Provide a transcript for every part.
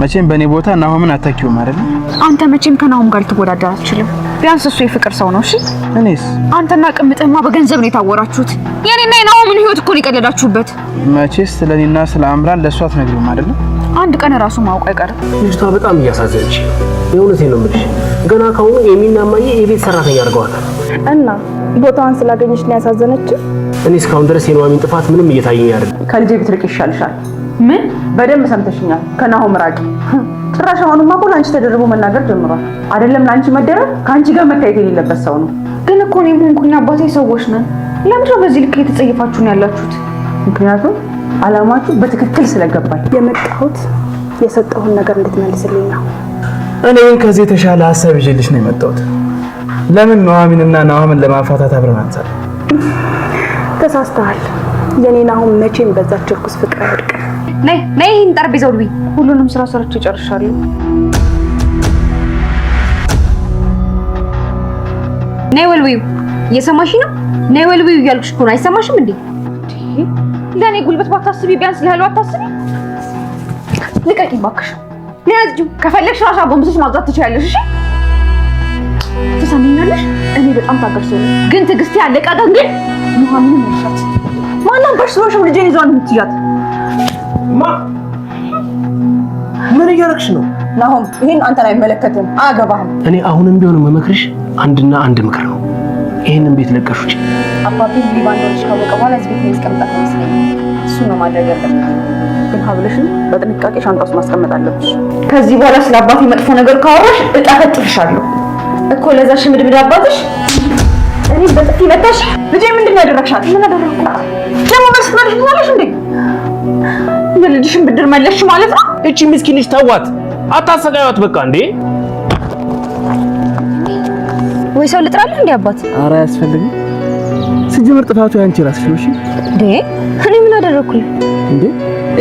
መቼም በእኔ ቦታ ናሆምን አታውቂውም አይደል? አንተ መቼም ከናሆም ጋር ልትወዳደር አትችልም። ቢያንስ እሱ የፍቅር ሰው ነው። እሺ እኔስ? አንተና ቅምጥማ በገንዘብ ነው የታወራችሁት። የኔና የናሆምን ህይወት እኮ ነው የቀለዳችሁበት። ስለኔና ስለ እኔና ስለ አምራን ለእሷ አትነግሪውም አይደል? አንድ ቀን ራሱ ማውቀ አይቀርም። ልጅቷ በጣም እያሳዘነች የእውነቴ ነው የምልሽ። ገና ከአሁኑ የሚናማየ የቤት ሰራተኛ አድርገዋታል። እና ቦታዋን ስላገኘች ነው ያሳዘነች። እኔ እስካሁን ድረስ የኑሐሚን ጥፋት ምንም እየታየኝ አይደል። ከልጄ ብትርቅ ይሻልሻል። ምን? በደንብ ሰምተሽኛል። ከናሆም ራቂ። ጭራሽ አሁንማ እኮ ለአንቺ ተደርቦ መናገር ጀምሯል። አይደለም ለአንቺ መደረብ፣ ከአንቺ ጋር መታየት የሌለበት ሰው ነው። ግን እኮ እኔም ሆንኩና አባቴ ሰዎች ነን። ለምንድነው በዚህ ልክ እየተጸየፋችሁ ነው ያላችሁት? ምክንያቱም አላማችሁ በትክክል ስለገባል። የመጣሁት የሰጠሁን ነገር እንድትመልስልኝ ነው። እኔ ግን ከዚህ የተሻለ ሀሳብ ይዤልሽ ነው የመጣሁት። ለምን ኑሐሚንና ናሆምን ለማፋታት አብረን አንሳል? ተሳስተሃል። የኔ አሁን መቼም በዛች እርኩስ ፍቅር አይወድቅም። ነይ ነይ፣ ይህን ጠረጴዛ ውልቢ። ሁሉንም ስራ ሰርቼ እጨርሻለሁ። ነይ ወልቢው። እየሰማሽ ነው? ነይ ወልቢው እያልኩሽ እኮ ነው። አይሰማሽም እንዴ? ለእኔ ጉልበት ባታስቢ፣ ቢያንስ ለህሉ አታስቢ። ልቀቂ እባክሽ። ነያዝጁ ከፈለግሽ ራሻ ጎንብሰሽ ማብዛት ትችያለሽ። እሺ ትሰሚኛለሽ? እኔ በጣም ታገርሶ ግን ትዕግስቴ ያለቀ ግን ምንም ምንም ማናባሽ ስለሆነ ልጄን ይዟን የምትያት ምን እያደረግሽ ነው? ናሆም ይሄን ላይ አይመለከትም፣ አያገባህም። እኔ አሁንም ቢሆን መመክርሽ አንድና አንድ ምክር ነው። ይሄንን ቤት ለቀሽ ውጪ። አባቢ ደርሽ ካወቀ በኋላ እዚህ ቤት የሚያስቀምጣት ይመስለኛል። እሱ ነው ማድረግ ያለብን። ግን ሀብልሽን በጥንቃቄ ሻንጣ ውስጥ ማስቀመጥ አለብሽ። ከዚህ በኋላ ስለ አባቴ መጥፎ ነገር ካወራሽ እጠፈጥፍሻለሁ እኮ ለዛ ሽምድምድ አባትሽ እኔ በጥፊ መታሽ። ልጄ ምንድን ነው ምን አደረግኩ ደግሞ? በስመ አብ ልጅ ትላለሽ እንዴ? የልጅሽን ብድር መለስሽ ማለት ነው? እቺ ምስኪን ልጅ ተዋት፣ አታሰቃዩት። በቃ እንዴ ወይ ሰው ልጥራለሁ እንዴ አባት? አረ አያስፈልግም። ሲጀምር ጥፋቱ ያንቺ ራስሽ ነው። እሺ እንዴ እኔ ምን አደረኩኝ እንዴ?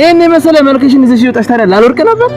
ይሄን የመሰለ መልክሽን ይዘሽ ይወጣሽ ታዲያ ላልወርቅ ነበር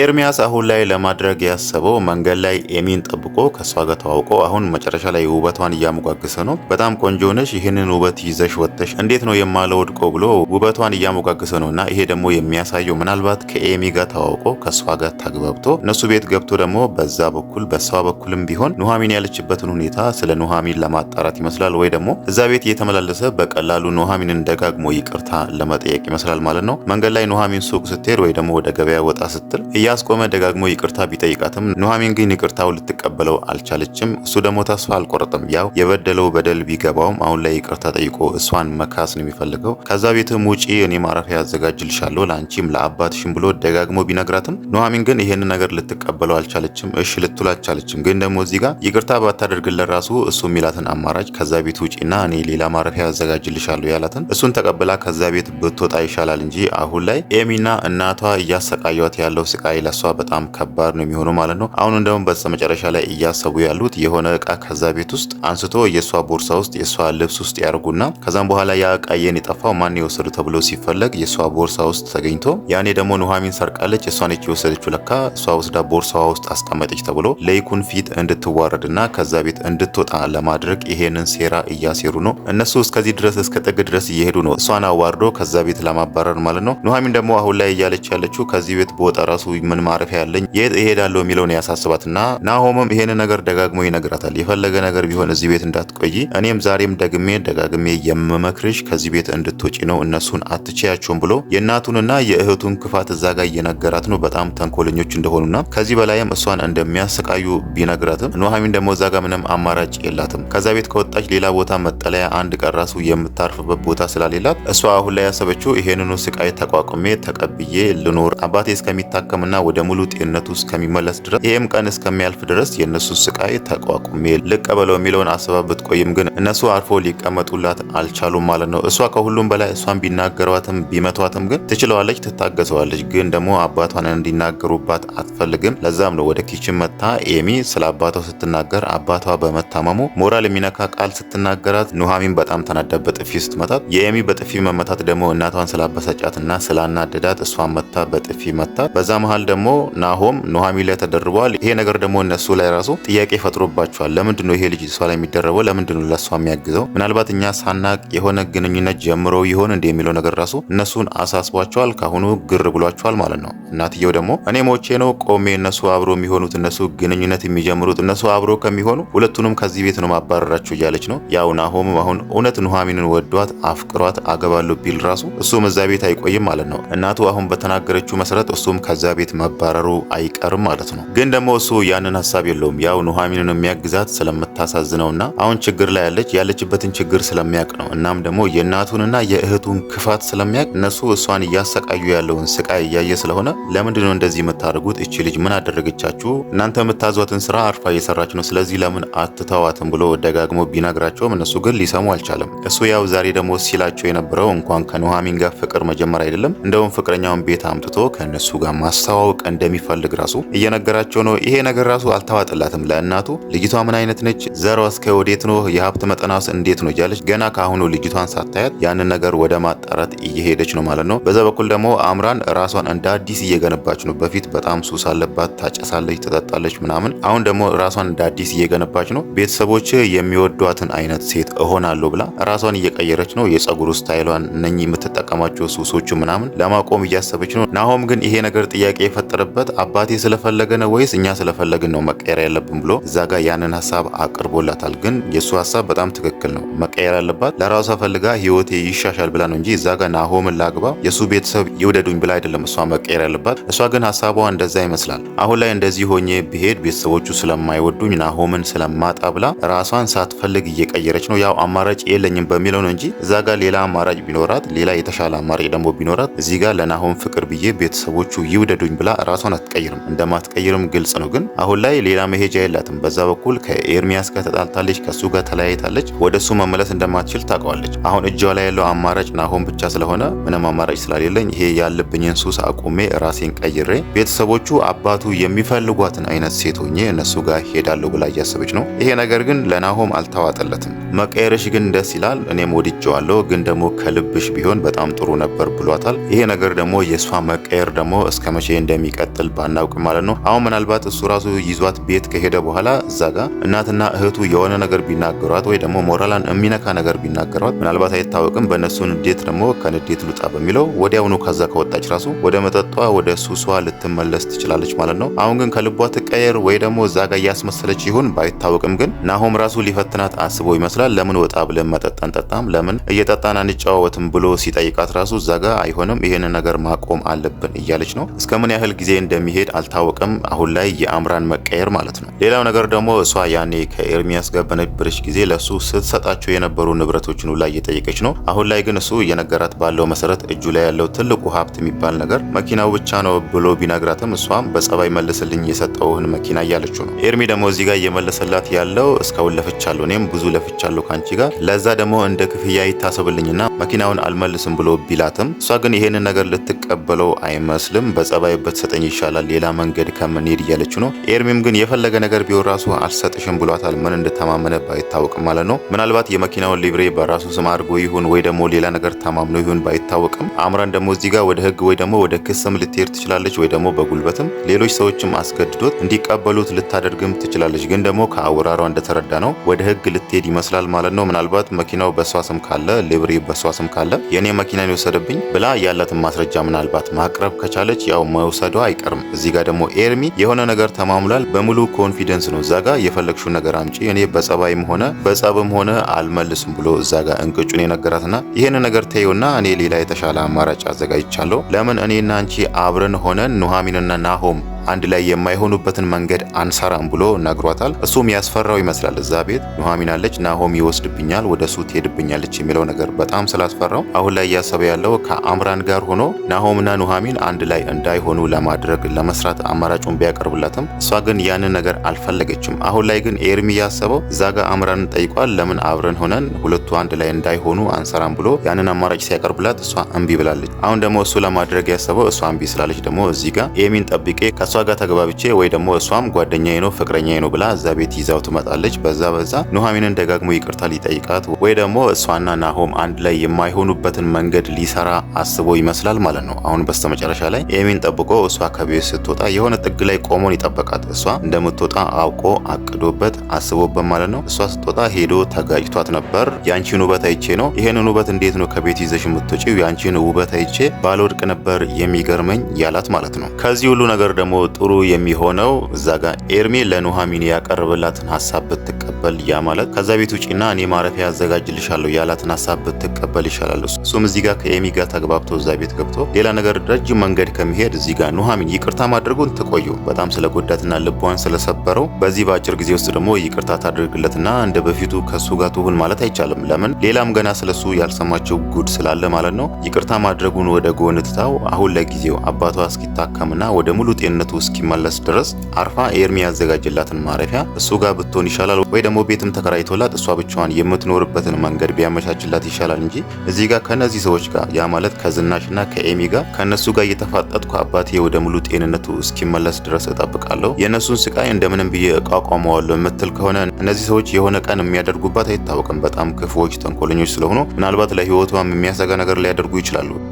ኤርሚያስ አሁን ላይ ለማድረግ ያሰበው መንገድ ላይ ኤሚን ጠብቆ ከእሷ ጋር ተዋውቆ አሁን መጨረሻ ላይ ውበቷን እያሞጋገሰ ነው። በጣም ቆንጆ ነሽ፣ ይህንን ውበት ይዘሽ ወጥተሽ እንዴት ነው የማለወድቀው ብሎ ውበቷን እያሞጋገሰ ነው እና ይሄ ደግሞ የሚያሳየው ምናልባት ከኤሚ ጋር ተዋውቆ ከእሷ ጋር ተግባብቶ እነሱ ቤት ገብቶ ደግሞ በዛ በኩል በሷ በኩልም ቢሆን ኑሐሚን ያለችበትን ሁኔታ ስለ ኑሐሚን ለማጣራት ይመስላል ወይ ደግሞ እዛ ቤት እየተመላለሰ በቀላሉ ኑሐሚንን ደጋግሞ ይቅርታ ለመጠየቅ ይመስላል ማለት ነው። መንገድ ላይ ኑሐሚን ሱቅ ስትሄድ ወይ ደግሞ ወደ ገበያ ወጣ ስትል እያስቆመ ደጋግሞ ይቅርታ ቢጠይቃትም ኑሐሚን ግን ይቅርታው ልትቀበለው አልቻለችም። እሱ ደግሞ ተስፋ አልቆረጥም። ያው የበደለው በደል ቢገባውም አሁን ላይ ይቅርታ ጠይቆ እሷን መካስ ነው የሚፈልገው። ከዛ ቤትም ውጪ እኔ ማረፊያ ያዘጋጅልሻለሁ ለአንቺም ለአባትሽም ብሎ ደጋግሞ ቢነግራትም ኑሐሚን ግን ይሄን ነገር ልትቀበለው አልቻለችም። እሺ ልትሉ አልቻለችም። ግን ደግሞ እዚህ ጋር ይቅርታ ባታደርግለት ራሱ እሱ የሚላትን አማራጭ ከዛ ቤት ውጪና እኔ ሌላ ማረፊያ ያዘጋጅልሻለሁ ያላትን እሱን ተቀብላ ከዛ ቤት ብትወጣ ይሻላል እንጂ አሁን ላይ ኤሚና እናቷ እያሰቃያት ያለው ስቃይ ስቃይ ለሷ በጣም ከባድ ነው የሚሆነው ማለት ነው። አሁን እንደውም በስተ መጨረሻ ላይ እያሰቡ ያሉት የሆነ እቃ ከዛ ቤት ውስጥ አንስቶ የእሷ ቦርሳ ውስጥ የእሷ ልብስ ውስጥ ያደርጉና ከዛም በኋላ ያ እቃ የኔ የጠፋው ማን የወሰዱ ተብሎ ሲፈለግ የእሷ ቦርሳ ውስጥ ተገኝቶ ያኔ ደግሞ ኑሐሚን ሰርቃለች፣ እሷ ነች የወሰደችው ለካ እሷ ወስዳ ቦርሳዋ ውስጥ አስቀመጠች ተብሎ ለይኩን ፊት እንድትዋረድና ከዛ ቤት እንድትወጣ ለማድረግ ይሄንን ሴራ እያሴሩ ነው እነሱ። እስከዚህ ድረስ እስከ ጥግ ድረስ እየሄዱ ነው እሷን አዋርዶ ከዛ ቤት ለማባረር ማለት ነው። ኑሐሚን ደግሞ አሁን ላይ እያለች ያለችው ከዚህ ቤት በወጣ ራሱ ምን ማረፊያ ያለኝ የት እሄዳለሁ የሚለውን ያሳስባትና ናሆምም ይሄን ነገር ደጋግሞ ይነግራታል። የፈለገ ነገር ቢሆን እዚህ ቤት እንዳትቆይ፣ እኔም ዛሬም ደግሜ ደጋግሜ የምመክርሽ ከዚህ ቤት እንድትወጪ ነው፣ እነሱን አትችያቸውም ብሎ የእናቱንና የእህቱን ክፋት እዛ ጋር እየነገራት ነው። በጣም ተንኮለኞች እንደሆኑና ከዚህ በላይም እሷን እንደሚያሰቃዩ ቢነግራትም ኑሐሚን ደግሞ እዛ ጋር ምንም አማራጭ የላትም። ከዛ ቤት ከወጣች ሌላ ቦታ መጠለያ አንድ ቀን ራሱ የምታርፍበት ቦታ ስላሌላት እሷ አሁን ላይ ያሰበችው ይሄንኑ ስቃይ ተቋቁሜ ተቀብዬ ልኖር አባቴ እስከሚታከምና እና ወደ ሙሉ ጤንነቱ እስከሚመለስ ድረስ ይህም ቀን እስከሚያልፍ ድረስ የእነሱ ስቃይ ተቋቁሜ ልቀበለው የሚለውን አስባ ብትቆይም ግን እነሱ አርፎ ሊቀመጡላት አልቻሉም ማለት ነው። እሷ ከሁሉም በላይ እሷን ቢናገሯትም ቢመቷትም ግን ትችለዋለች፣ ትታገሰዋለች። ግን ደግሞ አባቷን እንዲናገሩባት አትፈልግም። ለዛም ነው ወደ ኪችን መታ ኤሚ ስለ አባቷ ስትናገር አባቷ በመታመሙ ሞራል የሚነካ ቃል ስትናገራት ኑሐሚን በጣም ተናዳ በጥፊ ስትመታት የኤሚ በጥፊ መመታት ደግሞ እናቷን ስላበሳጫት እና ስላናደዳት እሷን መታ በጥፊ መታት በዛ መሀል በመቀጠል ደግሞ ናሆም ኑሐሚ ላይ ተደርበዋል። ይሄ ነገር ደግሞ እነሱ ላይ ራሱ ጥያቄ ፈጥሮባቸዋል። ለምንድን ነው ይሄ ልጅ እሷ ላይ የሚደረበው? ለምንድን ነው ለእሷ የሚያግዘው? ምናልባት እኛ ሳናቅ የሆነ ግንኙነት ጀምሮ ይሆን እንዲ የሚለው ነገር ራሱ እነሱን አሳስቧቸዋል። ካሁኑ ግር ብሏቸዋል ማለት ነው። እናትየው ደግሞ እኔ ሞቼ ነው ቆሜ እነሱ አብሮ የሚሆኑት እነሱ ግንኙነት የሚጀምሩት እነሱ አብሮ ከሚሆኑ ሁለቱንም ከዚህ ቤት ነው ማባረራቸው እያለች ነው። ያው ናሆምም አሁን እውነት ኑሐሚንን ወዷት አፍቅሯት አገባለሁ ቢል ራሱ እሱም እዛ ቤት አይቆይም ማለት ነው። እናቱ አሁን በተናገረችው መሰረት እሱም ከዛ ቤት መባረሩ አይቀርም ማለት ነው። ግን ደግሞ እሱ ያንን ሀሳብ የለውም። ያው ኑሐሚንን የሚያግዛት ስለምታሳዝነውና አሁን ችግር ላይ ያለች ያለችበትን ችግር ስለሚያውቅ ነው። እናም ደግሞ የእናቱንና የእህቱን ክፋት ስለሚያውቅ እነሱ እሷን እያሰቃዩ ያለውን ስቃይ እያየ ስለሆነ ለምንድን ነው እንደዚህ የምታደርጉት? እቺ ልጅ ምን አደረገቻችሁ? እናንተ የምታዟትን ስራ አርፋ እየሰራች ነው። ስለዚህ ለምን አትተዋትም ብሎ ደጋግሞ ቢነግራቸውም እነሱ ግን ሊሰሙ አልቻለም። እሱ ያው ዛሬ ደግሞ ሲላቸው የነበረው እንኳን ከኑሐሚን ጋር ፍቅር መጀመር አይደለም እንደውም ፍቅረኛውን ቤት አምጥቶ ከእነሱ ጋር ማስታ ማስተዋወቅ እንደሚፈልግ ራሱ እየነገራቸው ነው። ይሄ ነገር ራሱ አልተዋጠላትም ለእናቱ። ልጅቷ ምን አይነት ነች? ዘሯ እስከ ወዴት ነው? የሀብት መጠናስ እንዴት ነው? እያለች ገና ከአሁኑ ልጅቷን ሳታያት ያንን ነገር ወደ ማጣራት እየሄደች ነው ማለት ነው። በዛ በኩል ደግሞ አምራን ራሷን እንደ አዲስ እየገነባች ነው። በፊት በጣም ሱስ አለባት፣ ታጨሳለች፣ ትጠጣለች ምናምን። አሁን ደግሞ ራሷን እንደ አዲስ እየገነባች ነው። ቤተሰቦች የሚወዷትን አይነት ሴት እሆናለሁ ብላ ራሷን እየቀየረች ነው። የጸጉር ስታይሏን እነኚህ የምትጠቀማቸው ሱሶቹ ምናምን ለማቆም እያሰበች ነው። ናሆም ግን ይሄ ነገር ጥያቄ የፈጠረበት አባቴ ስለፈለገ ነው ወይስ እኛ ስለፈለግን ነው መቀየር ያለብን ብሎ እዛ ጋር ያንን ሀሳብ አቅርቦላታል። ግን የእሱ ሀሳብ በጣም ትክክል ነው። መቀየር ያለባት ለራሷ ፈልጋ ህይወቴ ይሻሻል ብላ ነው እንጂ እዛ ጋር ናሆምን ላግባ የእሱ ቤተሰብ ይውደዱኝ ብላ አይደለም እሷ መቀየር ያለባት። እሷ ግን ሀሳቧ እንደዛ ይመስላል። አሁን ላይ እንደዚህ ሆኜ ብሄድ ቤተሰቦቹ ስለማይወዱኝ ናሆምን ስለማጣ ብላ ራሷን ሳትፈልግ እየቀየረች ነው። ያው አማራጭ የለኝም በሚለው ነው እንጂ እዛ ጋር ሌላ አማራጭ ቢኖራት ሌላ የተሻለ አማራጭ ደግሞ ቢኖራት እዚህ ጋር ለናሆም ፍቅር ብዬ ቤተሰቦቹ ይውደዱኝ አለብኝ ብላ ራሷን አትቀይርም፣ እንደማትቀይርም ግልጽ ነው። ግን አሁን ላይ ሌላ መሄጃ የላትም። በዛ በኩል ከኤርሚያስ ጋር ተጣልታለች፣ ከሱ ጋር ተለያይታለች። ወደ እሱ መመለስ እንደማትችል ታውቀዋለች። አሁን እጇ ላይ ያለው አማራጭ ናሆም ብቻ ስለሆነ ምንም አማራጭ ስላሌለኝ ይሄ ያለብኝን ሱስ አቁሜ ራሴን ቀይሬ ቤተሰቦቹ አባቱ የሚፈልጓትን አይነት ሴት ሆኜ እነሱ ጋር ሄዳለሁ ብላ እያሰበች ነው። ይሄ ነገር ግን ለናሆም አልተዋጠለትም። መቀየርሽ ግን ደስ ይላል፣ እኔም ወድጀዋለሁ፣ ግን ደግሞ ከልብሽ ቢሆን በጣም ጥሩ ነበር ብሏታል። ይሄ ነገር ደግሞ የእሷ መቀየር ደግሞ እስከ መቼ እንደሚቀጥል ባናውቅ ማለት ነው። አሁን ምናልባት እሱ ራሱ ይዟት ቤት ከሄደ በኋላ እዛ ጋር እናትና እህቱ የሆነ ነገር ቢናገሯት ወይ ደግሞ ሞራላን የሚነካ ነገር ቢናገሯት ምናልባት አይታወቅም። በእነሱ ንዴት ደግሞ ከንዴት ልውጣ በሚለው ወዲያውኑ ከዛ ከወጣች ራሱ ወደ መጠጧ ወደ ሱሷ ልትመለስ ትችላለች ማለት ነው። አሁን ግን ከልቧ ትቀየር ወይ ደግሞ እዛ ጋር እያስመሰለች ይሁን ባይታወቅም፣ ግን ናሆም ራሱ ሊፈትናት አስቦ ይመስላል። ለምን ወጣ ብለን መጠጠን ጠጣም፣ ለምን እየጠጣን አንጫወትም? ብሎ ሲጠይቃት ራሱ እዛ ጋር አይሆንም፣ ይሄን ነገር ማቆም አለብን እያለች ነው እስከምን ምን ያህል ጊዜ እንደሚሄድ አልታወቅም። አሁን ላይ የአምራን መቀየር ማለት ነው። ሌላው ነገር ደግሞ እሷ ያኔ ከኤርሚያስ ጋር በነበረች ጊዜ ለእሱ ስትሰጣቸው የነበሩ ንብረቶችን ላይ እየጠየቀች ነው። አሁን ላይ ግን እሱ እየነገራት ባለው መሰረት እጁ ላይ ያለው ትልቁ ሀብት የሚባል ነገር መኪናው ብቻ ነው ብሎ ቢነግራትም እሷም በጸባይ መልስልኝ የሰጠውህን መኪና እያለችው ነው። ኤርሚ ደግሞ እዚህ ጋር እየመለሰላት ያለው እስካሁን ለፍቻለሁ፣ እኔም ብዙ ለፍቻለሁ ከአንቺ ጋር ለዛ ደግሞ እንደ ክፍያ ይታሰብልኝና መኪናውን አልመልስም ብሎ ቢላትም እሷ ግን ይሄንን ነገር ልትቀበለው አይመስልም። በጸባይ ሰጠኝ ይሻላል፣ ሌላ መንገድ ከምንሄድ እያለች ነው። ኤርሚም ግን የፈለገ ነገር ቢሆን ራሱ አልሰጥሽም ብሏታል። ምን እንደተማመነ ባይታወቅም ማለት ነው። ምናልባት የመኪናውን ሊብሬ በራሱ ስም አድርጎ ይሁን ወይ ደግሞ ሌላ ነገር ተማምኖ ይሁን ባይታወቅም፣ አምራን ደግሞ እዚህ ጋር ወደ ህግ ወይ ደግሞ ወደ ክስም ልትሄድ ትችላለች፣ ወይ ደግሞ በጉልበትም ሌሎች ሰዎችም አስገድዶት እንዲቀበሉት ልታደርግም ትችላለች። ግን ደግሞ ከአወራሯ እንደተረዳ ነው ወደ ህግ ልትሄድ ይመስላል ማለት ነው። ምናልባት መኪናው በሷ ስም ካለ ሊብሬ በሷ ስም ካለ የእኔ መኪናን የወሰደብኝ ብላ ያላትን ማስረጃ ምናልባት ማቅረብ ከቻለች ያው መውሰዷ አይቀርም። እዚህ ጋር ደግሞ ኤርሚ የሆነ ነገር ተማሙላል። በሙሉ ኮንፊደንስ ነው እዛ ጋር የፈለግሽውን ነገር አምጪ፣ እኔ በጸባይም ሆነ በጸብም ሆነ አልመልስም ብሎ እዛ ጋር እንቅጩን የነገራትና ይህን ነገር ተይውና እኔ ሌላ የተሻለ አማራጭ አዘጋጅቻለሁ። ለምን እኔና አንቺ አብረን ሆነን ኑሐሚንና ናሆም አንድ ላይ የማይሆኑበትን መንገድ አንሰራም ብሎ ነግሯታል። እሱም ያስፈራው ይመስላል። እዛ ቤት ኑሐሚን አለች። ናሆም ይወስድብኛል፣ ወደ እሱ ትሄድብኛለች የሚለው ነገር በጣም ስላስፈራው አሁን ላይ እያሰበ ያለው ከአምራን ጋር ሆኖ ናሆምና ኑሐሚን አንድ ላይ እንዳይሆኑ ለማድረግ ለመስራት አማራጩን ቢያቀርብላትም እሷ ግን ያንን ነገር አልፈለገችም። አሁን ላይ ግን ኤርሚ ያሰበው እዛ ጋር አምራን ጠይቋል። ለምን አብረን ሆነን ሁለቱ አንድ ላይ እንዳይሆኑ አንሰራም ብሎ ያንን አማራጭ ሲያቀርብላት እሷ እምቢ ብላለች። አሁን ደግሞ እሱ ለማድረግ ያሰበው እሷ እምቢ ስላለች ደግሞ እዚህ ጋር ኤሚን ጠብቄ ከእሷ ጋር ተግባብቼ ወይ ደግሞ እሷም ጓደኛዬ ነው ፍቅረኛዬ ነው ብላ እዛ ቤት ይዛው ትመጣለች። በዛ በዛ ኑሐሚንን ደጋግሞ ይቅርታ ሊጠይቃት ወይ ደግሞ እሷና ናሆም አንድ ላይ የማይሆኑበትን መንገድ ሊሰራ አስቦ ይመስላል ማለት ነው። አሁን በስተመጨረሻ ላይ ኤሚን ጠብቆ እሷ ከቤት ስትወጣ የሆነ ጥግ ላይ ቆሞን ይጠበቃት። እሷ እንደምትወጣ አውቆ አቅዶበት አስቦበት ማለት ነው። እሷ ስትወጣ ሄዶ ተጋጭቷት ነበር። ያንቺን ውበት አይቼ ነው ይሄንን ውበት እንዴት ነው ከቤት ይዘሽ የምትወጪው? ያንቺን ውበት አይቼ ባለወድቅ ነበር የሚገርመኝ ያላት ማለት ነው። ከዚህ ሁሉ ነገር ደግሞ ጥሩ የሚሆነው እዛ ጋር ኤርሜ ለኑሐሚን ያቀርብላትን ሀሳብ ብትቀበል ብትቀበል ያ ማለት ከዛ ቤት ውጪና እኔ ማረፊያ ያዘጋጅልሻለሁ ያላትን ሀሳብ ብትቀበል ይሻላል። እሱም እዚህ ጋር ከኤሚ ጋር ተግባብቶ እዛ ቤት ገብቶ ሌላ ነገር ረጅም መንገድ ከሚሄድ እዚህ ጋር ኑሐሚን ይቅርታ ማድረጉን ትቆየው በጣም ስለ ጎዳትና ልቧን ስለሰበረው በዚህ በአጭር ጊዜ ውስጥ ደግሞ ይቅርታ ታደርግለትና እንደ በፊቱ ከሱ ጋር ትሁን ማለት አይቻልም። ለምን ሌላም ገና ስለሱ ያልሰማቸው ጉድ ስላለ ማለት ነው። ይቅርታ ማድረጉን ወደ ጎን ትታው አሁን ለጊዜው አባቷ እስኪታከምና ወደ ሙሉ ጤንነቱ እስኪመለስ ድረስ አርፋ ኤርሚ ያዘጋጅላትን ማረፊያ እሱ ጋር ብትሆን ይሻላል ወይ ደግሞ ቤትም ተከራይቶላት እሷ ብቻዋን የምትኖርበትን መንገድ ቢያመቻችላት ይሻላል እንጂ እዚህ ጋር ከነዚህ ሰዎች ጋር ያ ማለት ከዝናሽና ከኤሚ ጋር ከእነሱ ጋር እየተፋጠጥኩ አባቴ ወደ ሙሉ ጤንነቱ እስኪመለስ ድረስ እጠብቃለሁ፣ የእነሱን ስቃይ እንደምንም ብዬ እቋቋመዋለሁ የምትል ከሆነ እነዚህ ሰዎች የሆነ ቀን የሚያደርጉባት አይታወቅም። በጣም ክፉዎች፣ ተንኮለኞች ስለሆኑ ምናልባት ለህይወቷም የሚያሰጋ ነገር ሊያደርጉ ይችላሉ።